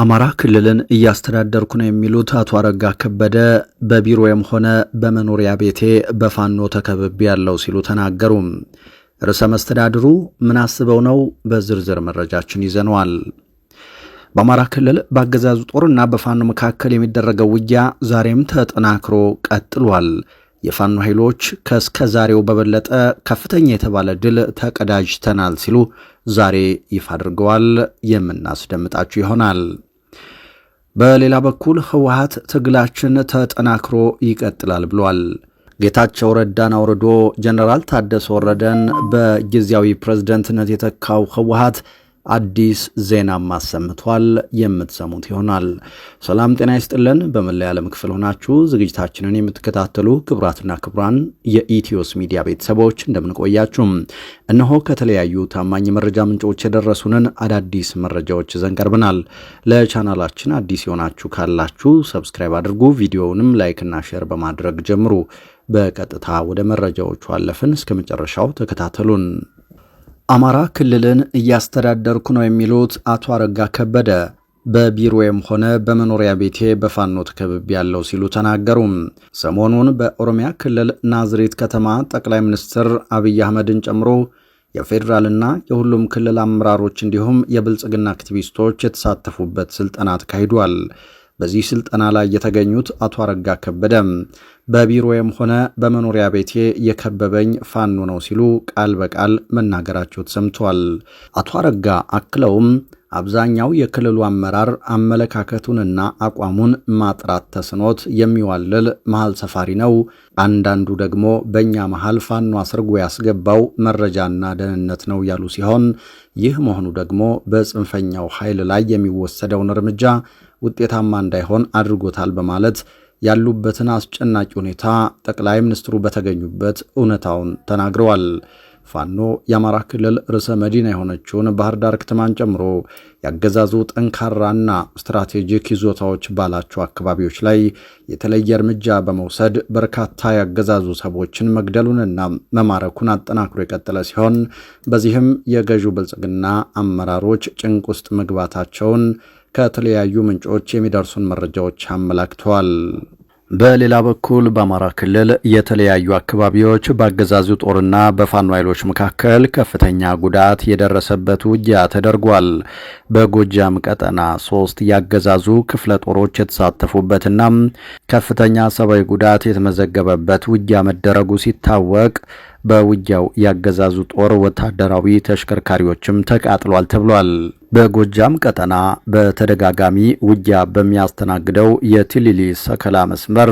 አማራ ክልልን እያስተዳደርኩ ነው የሚሉት አቶ አረጋ ከበደ በቢሮዬም ሆነ በመኖሪያ ቤቴ በፋኖ ተከብቤ ያለው ሲሉ ተናገሩ። ርዕሰ መስተዳድሩ ምን አስበው ነው? በዝርዝር መረጃችን ይዘነዋል። በአማራ ክልል በአገዛዙ ጦርና በፋኖ መካከል የሚደረገው ውጊያ ዛሬም ተጠናክሮ ቀጥሏል። የፋኖ ኃይሎች ከእስከ ዛሬው በበለጠ ከፍተኛ የተባለ ድል ተቀዳጅተናል ሲሉ ዛሬ ይፋ አድርገዋል። የምናስደምጣችሁ ይሆናል። በሌላ በኩል ህወሀት ትግላችን ተጠናክሮ ይቀጥላል ብሏል። ጌታቸው ረዳን አውርዶ ጀነራል ታደሰ ወረደን በጊዜያዊ ፕሬዝደንትነት የተካው ህወሀት አዲስ ዜናም አሰምቷል። የምትሰሙት ይሆናል። ሰላም ጤና ይስጥልን። በመላ ዓለም ክፍል ሆናችሁ ዝግጅታችንን የምትከታተሉ ክቡራትና ክቡራን የኢትዮስ ሚዲያ ቤተሰቦች እንደምንቆያችሁም፣ እነሆ ከተለያዩ ታማኝ መረጃ ምንጮች የደረሱንን አዳዲስ መረጃዎች ይዘን ቀርበናል። ለቻናላችን አዲስ የሆናችሁ ካላችሁ ሰብስክራይብ አድርጉ። ቪዲዮውንም ላይክና ሼር በማድረግ ጀምሩ። በቀጥታ ወደ መረጃዎቹ አለፍን። እስከ መጨረሻው ተከታተሉን። አማራ ክልልን እያስተዳደርኩ ነው የሚሉት አቶ አረጋ ከበደ በቢሮዬም ሆነ በመኖሪያ ቤቴ በፋኖ ተከብቤ ያለው ሲሉ ተናገሩም። ሰሞኑን በኦሮሚያ ክልል ናዝሬት ከተማ ጠቅላይ ሚኒስትር አብይ አህመድን ጨምሮ የፌዴራልና የሁሉም ክልል አመራሮች እንዲሁም የብልጽግና አክቲቪስቶች የተሳተፉበት ስልጠና ተካሂዷል። በዚህ ስልጠና ላይ የተገኙት አቶ አረጋ ከበደም በቢሮዬም ሆነ በመኖሪያ ቤቴ የከበበኝ ፋኖ ነው ሲሉ ቃል በቃል መናገራቸው ተሰምቷል። አቶ አረጋ አክለውም አብዛኛው የክልሉ አመራር አመለካከቱንና አቋሙን ማጥራት ተስኖት የሚዋልል መሃል ሰፋሪ ነው። አንዳንዱ ደግሞ በእኛ መሃል ፋኖ አስርጎ ያስገባው መረጃና ደህንነት ነው ያሉ ሲሆን ይህ መሆኑ ደግሞ በጽንፈኛው ኃይል ላይ የሚወሰደውን እርምጃ ውጤታማ እንዳይሆን አድርጎታል በማለት ያሉበትን አስጨናቂ ሁኔታ ጠቅላይ ሚኒስትሩ በተገኙበት እውነታውን ተናግረዋል። ፋኖ የአማራ ክልል ርዕሰ መዲና የሆነችውን ባህር ዳር ከተማን ጨምሮ ያገዛዙ ጠንካራና ስትራቴጂክ ይዞታዎች ባላቸው አካባቢዎች ላይ የተለየ እርምጃ በመውሰድ በርካታ ያገዛዙ ሰዎችን መግደሉንና መማረኩን አጠናክሮ የቀጠለ ሲሆን በዚህም የገዢው ብልጽግና አመራሮች ጭንቅ ውስጥ መግባታቸውን ከተለያዩ ምንጮች የሚደርሱን መረጃዎች አመላክተዋል። በሌላ በኩል በአማራ ክልል የተለያዩ አካባቢዎች በአገዛዙ ጦርና በፋኖ ኃይሎች መካከል ከፍተኛ ጉዳት የደረሰበት ውጊያ ተደርጓል። በጎጃም ቀጠና ሶስት የአገዛዙ ክፍለ ጦሮች የተሳተፉበትና ከፍተኛ ሰብአዊ ጉዳት የተመዘገበበት ውጊያ መደረጉ ሲታወቅ በውጊያው የአገዛዙ ጦር ወታደራዊ ተሽከርካሪዎችም ተቃጥሏል ተብሏል። በጎጃም ቀጠና በተደጋጋሚ ውጊያ በሚያስተናግደው የቲሊሊ ሰከላ መስመር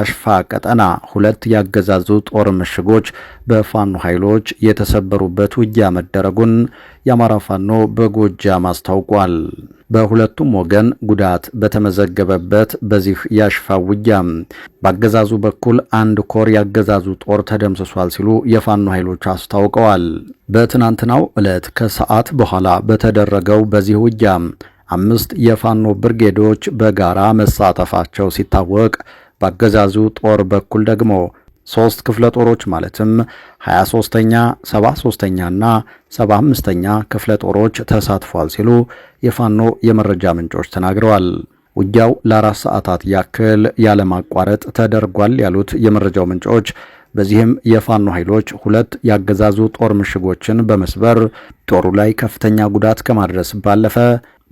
አሽፋ ቀጠና ሁለት ያገዛዙ ጦር ምሽጎች በፋኖ ኃይሎች የተሰበሩበት ውጊያ መደረጉን የአማራ ፋኖ በጎጃም አስታውቋል። በሁለቱም ወገን ጉዳት በተመዘገበበት በዚህ የአሽፋ ውጊያ በአገዛዙ በኩል አንድ ኮር ያገዛዙ ጦር ተደምስሷል ሲሉ የፋኖ ኃይሎች አስታውቀዋል። በትናንትናው ዕለት ከሰዓት በኋላ በተደረገው በዚህ ውጊያ አምስት የፋኖ ብርጌዶች በጋራ መሳተፋቸው ሲታወቅ በአገዛዙ ጦር በኩል ደግሞ ሶስት ክፍለ ጦሮች ማለትም 23ኛ፣ 73 ኛ እና 75ኛ ክፍለ ጦሮች ተሳትፏል ሲሉ የፋኖ የመረጃ ምንጮች ተናግረዋል። ውጊያው ለአራት ሰዓታት ያክል ያለማቋረጥ ተደርጓል ያሉት የመረጃው ምንጮች በዚህም የፋኖ ኃይሎች ሁለት ያገዛዙ ጦር ምሽጎችን በመስበር ጦሩ ላይ ከፍተኛ ጉዳት ከማድረስ ባለፈ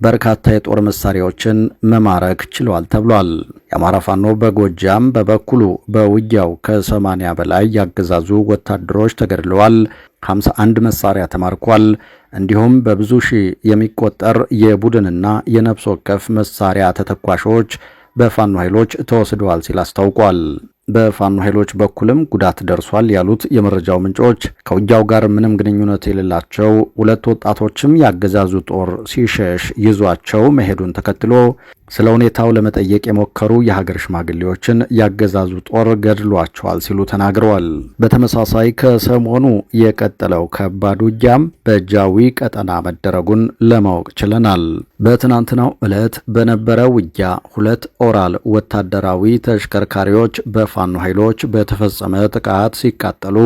በርካታ የጦር መሳሪያዎችን መማረክ ችሏል ተብሏል። የአማራ ፋኖ በጎጃም በበኩሉ በውጊያው ከ80 በላይ ያገዛዙ ወታደሮች ተገድለዋል፣ 51 መሳሪያ ተማርኳል። እንዲሁም በብዙ ሺህ የሚቆጠር የቡድንና የነፍስ ወከፍ መሳሪያ ተተኳሾች በፋኖ ኃይሎች ተወስደዋል ሲል አስታውቋል። በፋኖ ኃይሎች በኩልም ጉዳት ደርሷል ያሉት የመረጃው ምንጮች ከውጊያው ጋር ምንም ግንኙነት የሌላቸው ሁለት ወጣቶችም ያገዛዙ ጦር ሲሸሽ ይዟቸው መሄዱን ተከትሎ ስለ ሁኔታው ለመጠየቅ የሞከሩ የሀገር ሽማግሌዎችን ያገዛዙ ጦር ገድሏቸዋል ሲሉ ተናግረዋል። በተመሳሳይ ከሰሞኑ የቀጠለው ከባድ ውጊያም በጃዊ ቀጠና መደረጉን ለማወቅ ችለናል። በትናንትናው ዕለት በነበረ ውጊያ ሁለት ኦራል ወታደራዊ ተሽከርካሪዎች በፋኖ ኃይሎች በተፈጸመ ጥቃት ሲቃጠሉ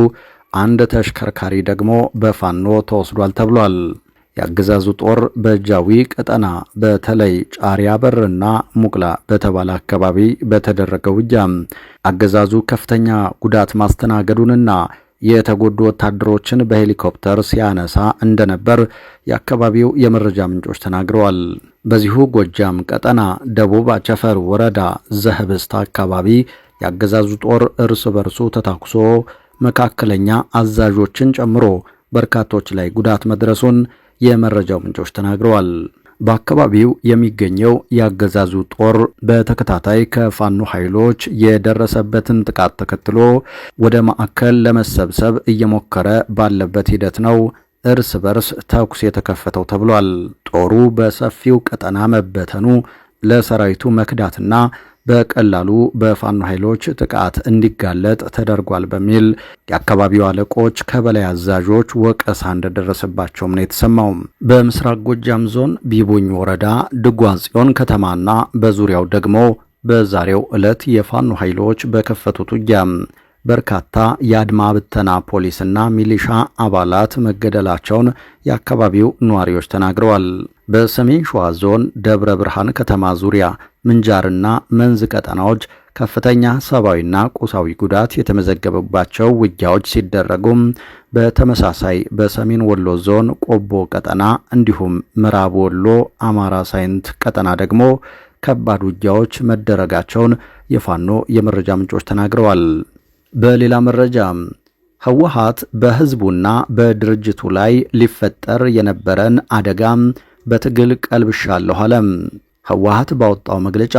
አንድ ተሽከርካሪ ደግሞ በፋኖ ተወስዷል ተብሏል። የአገዛዙ ጦር በእጃዊ ቀጠና በተለይ ጫሪያ በርና ሙቅላ በተባለ አካባቢ በተደረገ ውጊያ አገዛዙ ከፍተኛ ጉዳት ማስተናገዱንና የተጎዱ ወታደሮችን በሄሊኮፕተር ሲያነሳ እንደነበር የአካባቢው የመረጃ ምንጮች ተናግረዋል። በዚሁ ጎጃም ቀጠና ደቡብ አቸፈር ወረዳ ዘህብስት አካባቢ የአገዛዙ ጦር እርስ በርሱ ተታኩሶ መካከለኛ አዛዦችን ጨምሮ በርካቶች ላይ ጉዳት መድረሱን የመረጃው ምንጮች ተናግረዋል። በአካባቢው የሚገኘው ያገዛዙ ጦር በተከታታይ ከፋኖ ኃይሎች የደረሰበትን ጥቃት ተከትሎ ወደ ማዕከል ለመሰብሰብ እየሞከረ ባለበት ሂደት ነው እርስ በርስ ተኩስ የተከፈተው ተብሏል። ጦሩ በሰፊው ቀጠና መበተኑ ለሰራዊቱ መክዳትና በቀላሉ በፋኖ ኃይሎች ጥቃት እንዲጋለጥ ተደርጓል በሚል የአካባቢው አለቆች ከበላይ አዛዦች ወቀሳ እንደደረሰባቸውም ነው የተሰማውም። በምስራቅ ጎጃም ዞን ቢቡኝ ወረዳ ድጓ ጽዮን ከተማና በዙሪያው ደግሞ በዛሬው ዕለት የፋኖ ኃይሎች በከፈቱት ውጊያ በርካታ የአድማ ብተና ፖሊስና ሚሊሻ አባላት መገደላቸውን የአካባቢው ነዋሪዎች ተናግረዋል። በሰሜን ሸዋ ዞን ደብረ ብርሃን ከተማ ዙሪያ ምንጃርና መንዝ ቀጠናዎች ከፍተኛ ሰብአዊና ቁሳዊ ጉዳት የተመዘገበባቸው ውጊያዎች ሲደረጉም በተመሳሳይ በሰሜን ወሎ ዞን ቆቦ ቀጠና እንዲሁም ምዕራብ ወሎ አማራ ሳይንት ቀጠና ደግሞ ከባድ ውጊያዎች መደረጋቸውን የፋኖ የመረጃ ምንጮች ተናግረዋል። በሌላ መረጃ ህወሓት በህዝቡና በድርጅቱ ላይ ሊፈጠር የነበረን አደጋ በትግል ቀልብሻለሁ አለም። ህወሓት ባወጣው መግለጫ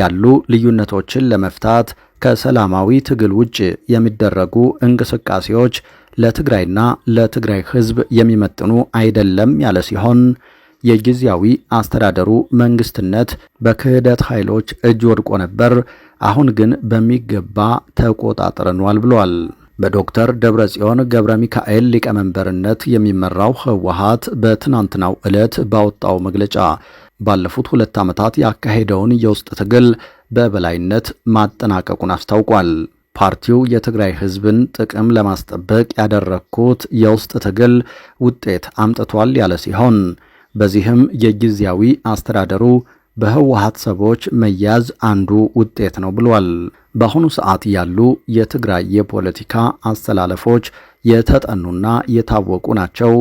ያሉ ልዩነቶችን ለመፍታት ከሰላማዊ ትግል ውጭ የሚደረጉ እንቅስቃሴዎች ለትግራይና ለትግራይ ህዝብ የሚመጥኑ አይደለም ያለ ሲሆን የጊዜያዊ አስተዳደሩ መንግስትነት በክህደት ኃይሎች እጅ ወድቆ ነበር። አሁን ግን በሚገባ ተቆጣጥረኗል ብሏል። በዶክተር ደብረጽዮን ገብረ ሚካኤል ሊቀመንበርነት የሚመራው ህወሀት በትናንትናው ዕለት ባወጣው መግለጫ ባለፉት ሁለት ዓመታት ያካሄደውን የውስጥ ትግል በበላይነት ማጠናቀቁን አስታውቋል። ፓርቲው የትግራይ ህዝብን ጥቅም ለማስጠበቅ ያደረግኩት የውስጥ ትግል ውጤት አምጥቷል ያለ ሲሆን በዚህም የጊዜያዊ አስተዳደሩ በህወሀት ሰዎች መያዝ አንዱ ውጤት ነው ብሏል። በአሁኑ ሰዓት ያሉ የትግራይ የፖለቲካ አስተላለፎች የተጠኑና የታወቁ ናቸው።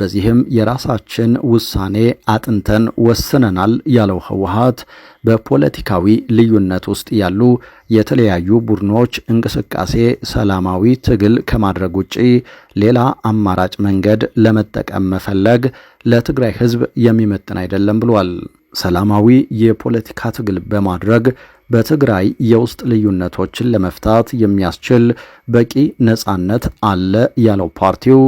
በዚህም የራሳችን ውሳኔ አጥንተን ወስነናል ያለው ህወሀት በፖለቲካዊ ልዩነት ውስጥ ያሉ የተለያዩ ቡድኖች እንቅስቃሴ ሰላማዊ ትግል ከማድረግ ውጪ ሌላ አማራጭ መንገድ ለመጠቀም መፈለግ ለትግራይ ህዝብ የሚመጥን አይደለም ብሏል። ሰላማዊ የፖለቲካ ትግል በማድረግ በትግራይ የውስጥ ልዩነቶችን ለመፍታት የሚያስችል በቂ ነጻነት አለ ያለው ፓርቲው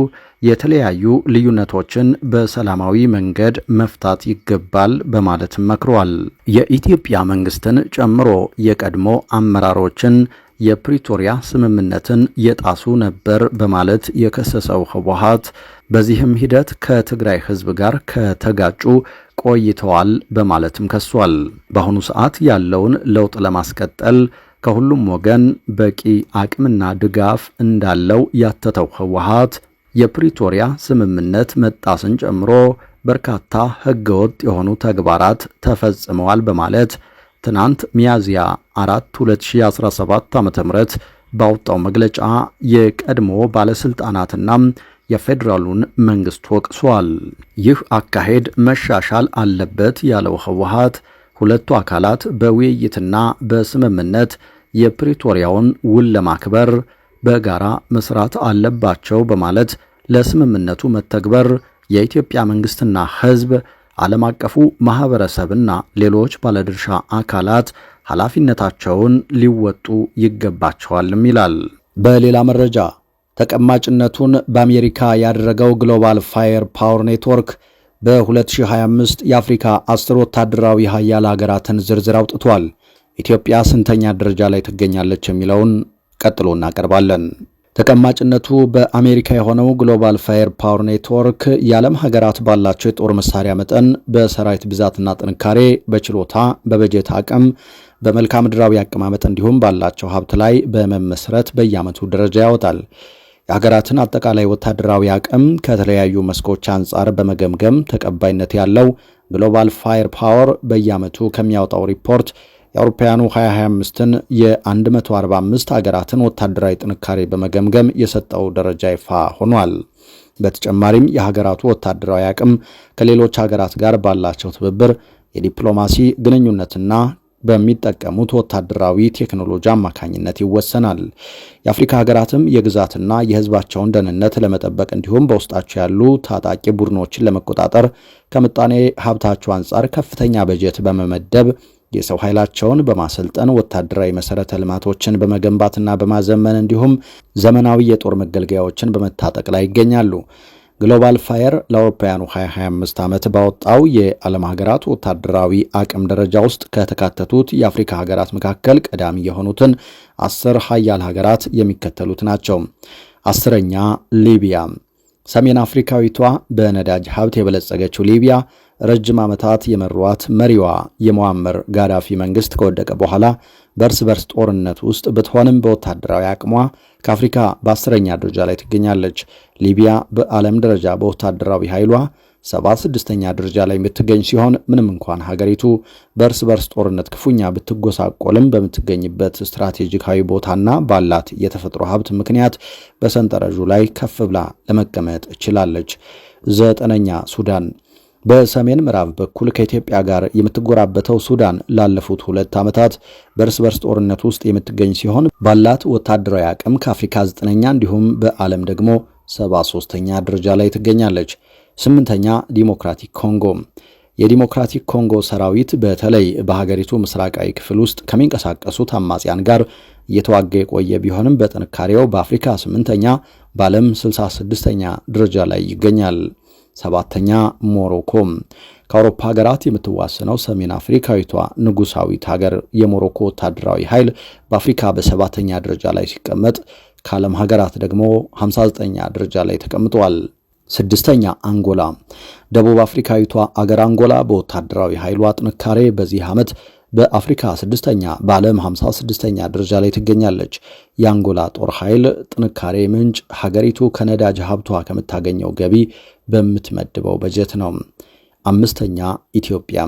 የተለያዩ ልዩነቶችን በሰላማዊ መንገድ መፍታት ይገባል በማለት መክሯል። የኢትዮጵያ መንግስትን ጨምሮ የቀድሞ አመራሮችን የፕሪቶሪያ ስምምነትን የጣሱ ነበር በማለት የከሰሰው ህወሓት በዚህም ሂደት ከትግራይ ህዝብ ጋር ከተጋጩ ቆይተዋል በማለትም ከሷል። በአሁኑ ሰዓት ያለውን ለውጥ ለማስቀጠል ከሁሉም ወገን በቂ አቅምና ድጋፍ እንዳለው ያተተው ህወሓት የፕሪቶሪያ ስምምነት መጣስን ጨምሮ በርካታ ህገወጥ የሆኑ ተግባራት ተፈጽመዋል በማለት ትናንት ሚያዝያ 4 2017 ም ባወጣው መግለጫ የቀድሞ ባለሥልጣናትና የፌዴራሉን መንግስት ወቅሷል። ይህ አካሄድ መሻሻል አለበት ያለው ህወሓት ሁለቱ አካላት በውይይትና በስምምነት የፕሪቶሪያውን ውል ለማክበር በጋራ መስራት አለባቸው በማለት ለስምምነቱ መተግበር የኢትዮጵያ መንግስትና ህዝብ ዓለም አቀፉ ማኅበረሰብና ሌሎች ባለድርሻ አካላት ኃላፊነታቸውን ሊወጡ ይገባቸዋልም ይላል። በሌላ መረጃ ተቀማጭነቱን በአሜሪካ ያደረገው ግሎባል ፋየር ፓወር ኔትወርክ በ2025 የአፍሪካ አስር ወታደራዊ ሀያል ሀገራትን ዝርዝር አውጥቷል። ኢትዮጵያ ስንተኛ ደረጃ ላይ ትገኛለች የሚለውን ቀጥሎ እናቀርባለን። ተቀማጭነቱ በአሜሪካ የሆነው ግሎባል ፋየር ፓወር ኔትወርክ የዓለም ሀገራት ባላቸው የጦር መሳሪያ መጠን፣ በሰራዊት ብዛትና ጥንካሬ፣ በችሎታ፣ በበጀት አቅም፣ በመልክዓ ምድራዊ አቀማመጥ እንዲሁም ባላቸው ሀብት ላይ በመመስረት በየዓመቱ ደረጃ ያወጣል። የሀገራትን አጠቃላይ ወታደራዊ አቅም ከተለያዩ መስኮች አንጻር በመገምገም ተቀባይነት ያለው ግሎባል ፋየር ፓወር በየዓመቱ ከሚያወጣው ሪፖርት የአውሮፓውያኑ 2025ን የ145 ሀገራትን ወታደራዊ ጥንካሬ በመገምገም የሰጠው ደረጃ ይፋ ሆኗል። በተጨማሪም የሀገራቱ ወታደራዊ አቅም ከሌሎች ሀገራት ጋር ባላቸው ትብብር የዲፕሎማሲ ግንኙነትና በሚጠቀሙት ወታደራዊ ቴክኖሎጂ አማካኝነት ይወሰናል። የአፍሪካ ሀገራትም የግዛትና የሕዝባቸውን ደህንነት ለመጠበቅ እንዲሁም በውስጣቸው ያሉ ታጣቂ ቡድኖችን ለመቆጣጠር ከምጣኔ ሀብታቸው አንጻር ከፍተኛ በጀት በመመደብ የሰው ኃይላቸውን በማሰልጠን ወታደራዊ መሰረተ ልማቶችን በመገንባትና በማዘመን እንዲሁም ዘመናዊ የጦር መገልገያዎችን በመታጠቅ ላይ ይገኛሉ። ግሎባል ፋየር ለአውሮፓውያኑ 2025 ዓመት ባወጣው የዓለም ሀገራት ወታደራዊ አቅም ደረጃ ውስጥ ከተካተቱት የአፍሪካ ሀገራት መካከል ቀዳሚ የሆኑትን አስር ሀያል ሀገራት የሚከተሉት ናቸው። አስረኛ ሊቢያ። ሰሜን አፍሪካዊቷ በነዳጅ ሀብት የበለጸገችው ሊቢያ ረጅም ዓመታት የመሯት መሪዋ የሙአመር ጋዳፊ መንግስት ከወደቀ በኋላ በእርስ በርስ ጦርነት ውስጥ ብትሆንም በወታደራዊ አቅሟ ከአፍሪካ በአስረኛ ደረጃ ላይ ትገኛለች። ሊቢያ በዓለም ደረጃ በወታደራዊ ኃይሏ 76ኛ ደረጃ ላይ የምትገኝ ሲሆን ምንም እንኳን ሀገሪቱ በእርስ በርስ ጦርነት ክፉኛ ብትጎሳቆልም በምትገኝበት ስትራቴጂካዊ ቦታና ባላት የተፈጥሮ ሀብት ምክንያት በሰንጠረዡ ላይ ከፍ ብላ ለመቀመጥ ችላለች። ዘጠነኛ ሱዳን በሰሜን ምዕራብ በኩል ከኢትዮጵያ ጋር የምትጎራበተው ሱዳን ላለፉት ሁለት ዓመታት በእርስ በርስ ጦርነት ውስጥ የምትገኝ ሲሆን ባላት ወታደራዊ አቅም ከአፍሪካ ዘጠነኛ እንዲሁም በዓለም ደግሞ ሰባ ሶስተኛ ደረጃ ላይ ትገኛለች። ስምንተኛ ዲሞክራቲክ ኮንጎ። የዲሞክራቲክ ኮንጎ ሰራዊት በተለይ በሀገሪቱ ምስራቃዊ ክፍል ውስጥ ከሚንቀሳቀሱት አማጽያን ጋር እየተዋጋ የቆየ ቢሆንም በጥንካሬው በአፍሪካ ስምንተኛ፣ በዓለም 66ኛ ደረጃ ላይ ይገኛል። ሰባተኛ ሞሮኮ ከአውሮፓ ሀገራት የምትዋሰነው ሰሜን አፍሪካዊቷ ንጉሳዊት ሀገር የሞሮኮ ወታደራዊ ኃይል በአፍሪካ በሰባተኛ ደረጃ ላይ ሲቀመጥ ከዓለም ሀገራት ደግሞ 59ኛ ደረጃ ላይ ተቀምጠዋል። ስድስተኛ አንጎላ፣ ደቡብ አፍሪካዊቷ አገር አንጎላ በወታደራዊ ኃይሏ ጥንካሬ በዚህ ዓመት በአፍሪካ ስድስተኛ በዓለም 56ኛ ደረጃ ላይ ትገኛለች። የአንጎላ ጦር ኃይል ጥንካሬ ምንጭ ሀገሪቱ ከነዳጅ ሀብቷ ከምታገኘው ገቢ በምትመድበው በጀት ነው። አምስተኛ ኢትዮጵያ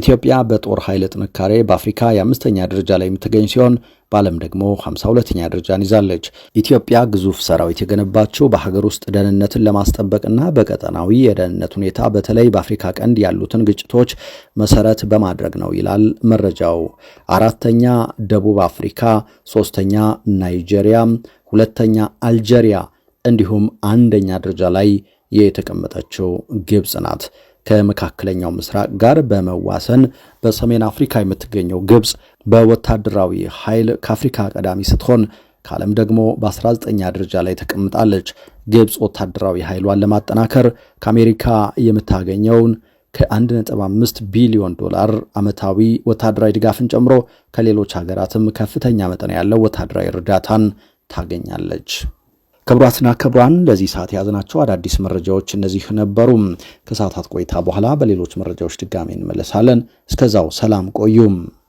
ኢትዮጵያ በጦር ኃይል ጥንካሬ በአፍሪካ የአምስተኛ ደረጃ ላይ የምትገኝ ሲሆን በዓለም ደግሞ 52ኛ ደረጃን ይዛለች። ኢትዮጵያ ግዙፍ ሰራዊት የገነባችው በሀገር ውስጥ ደህንነትን ለማስጠበቅና በቀጠናዊ የደህንነት ሁኔታ በተለይ በአፍሪካ ቀንድ ያሉትን ግጭቶች መሰረት በማድረግ ነው ይላል መረጃው። አራተኛ ደቡብ አፍሪካ፣ ሶስተኛ ናይጄሪያ፣ ሁለተኛ አልጄሪያ እንዲሁም አንደኛ ደረጃ ላይ የተቀመጠችው ግብጽ ናት። ከመካከለኛው ምስራቅ ጋር በመዋሰን በሰሜን አፍሪካ የምትገኘው ግብፅ በወታደራዊ ኃይል ከአፍሪካ ቀዳሚ ስትሆን ከዓለም ደግሞ በ19ኛ ደረጃ ላይ ተቀምጣለች። ግብፅ ወታደራዊ ኃይሏን ለማጠናከር ከአሜሪካ የምታገኘውን ከ1.5 ቢሊዮን ዶላር ዓመታዊ ወታደራዊ ድጋፍን ጨምሮ ከሌሎች ሀገራትም ከፍተኛ መጠን ያለው ወታደራዊ እርዳታን ታገኛለች። ክቡራትና ክቡራን ለዚህ ሰዓት የያዝናቸው አዳዲስ መረጃዎች እነዚህ ነበሩ። ከሰዓታት ቆይታ በኋላ በሌሎች መረጃዎች ድጋሜ እንመለሳለን። እስከዛው ሰላም ቆዩም።